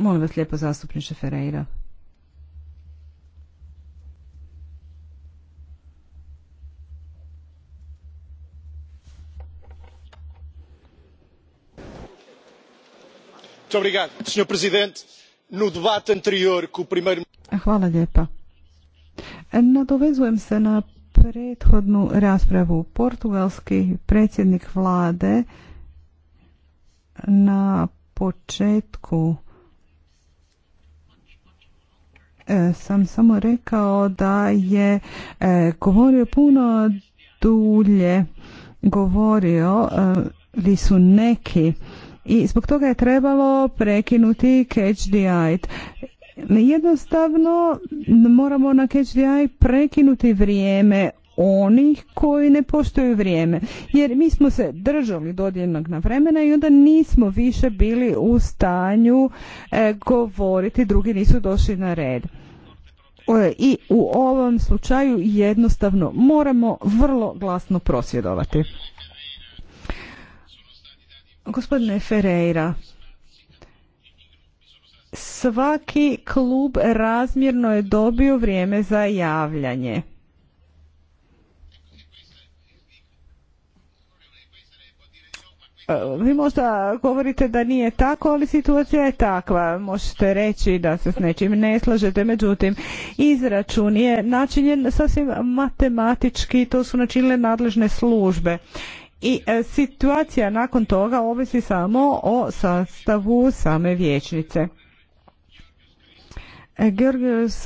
Molim vas lijepo zastupniče Ferreira. Hvala lijepa. Nadovezujem se na prethodnu raspravu. Portugalski predsjednik vlade na početku E, sam samo rekao da je e, govorio puno dulje govorio e, li su neki i zbog toga je trebalo prekinuti catch the eye. Jednostavno moramo na catch the eye prekinuti vrijeme onih koji ne poštuju vrijeme. Jer mi smo se držali jednog na vremena i onda nismo više bili u stanju e, govoriti, drugi nisu došli na red. E, I u ovom slučaju jednostavno moramo vrlo glasno prosvjedovati. Gospodine Ferreira, svaki klub razmjerno je dobio vrijeme za javljanje. E, vi možda govorite da nije tako, ali situacija je takva. Možete reći da se s nečim ne slažete, međutim, izračun je načinjen sasvim matematički, to su načinile nadležne službe. I e, situacija nakon toga ovisi samo o sastavu same vječnice. E, Georgios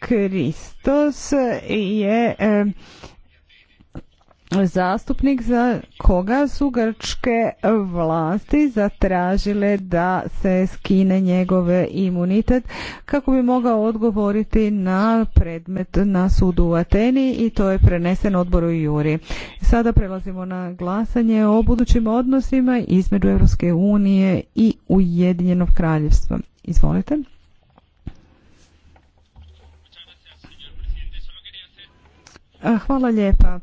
Kristos je zastupnik za koga su grčke vlasti zatražile da se skine njegove imunitet kako bi mogao odgovoriti na predmet na sudu u Ateni i to je prenesen odboru Juri. Sada prelazimo na glasanje o budućim odnosima između Europske unije i Ujedinjenog kraljevstva. Izvolite. Hvala lijepa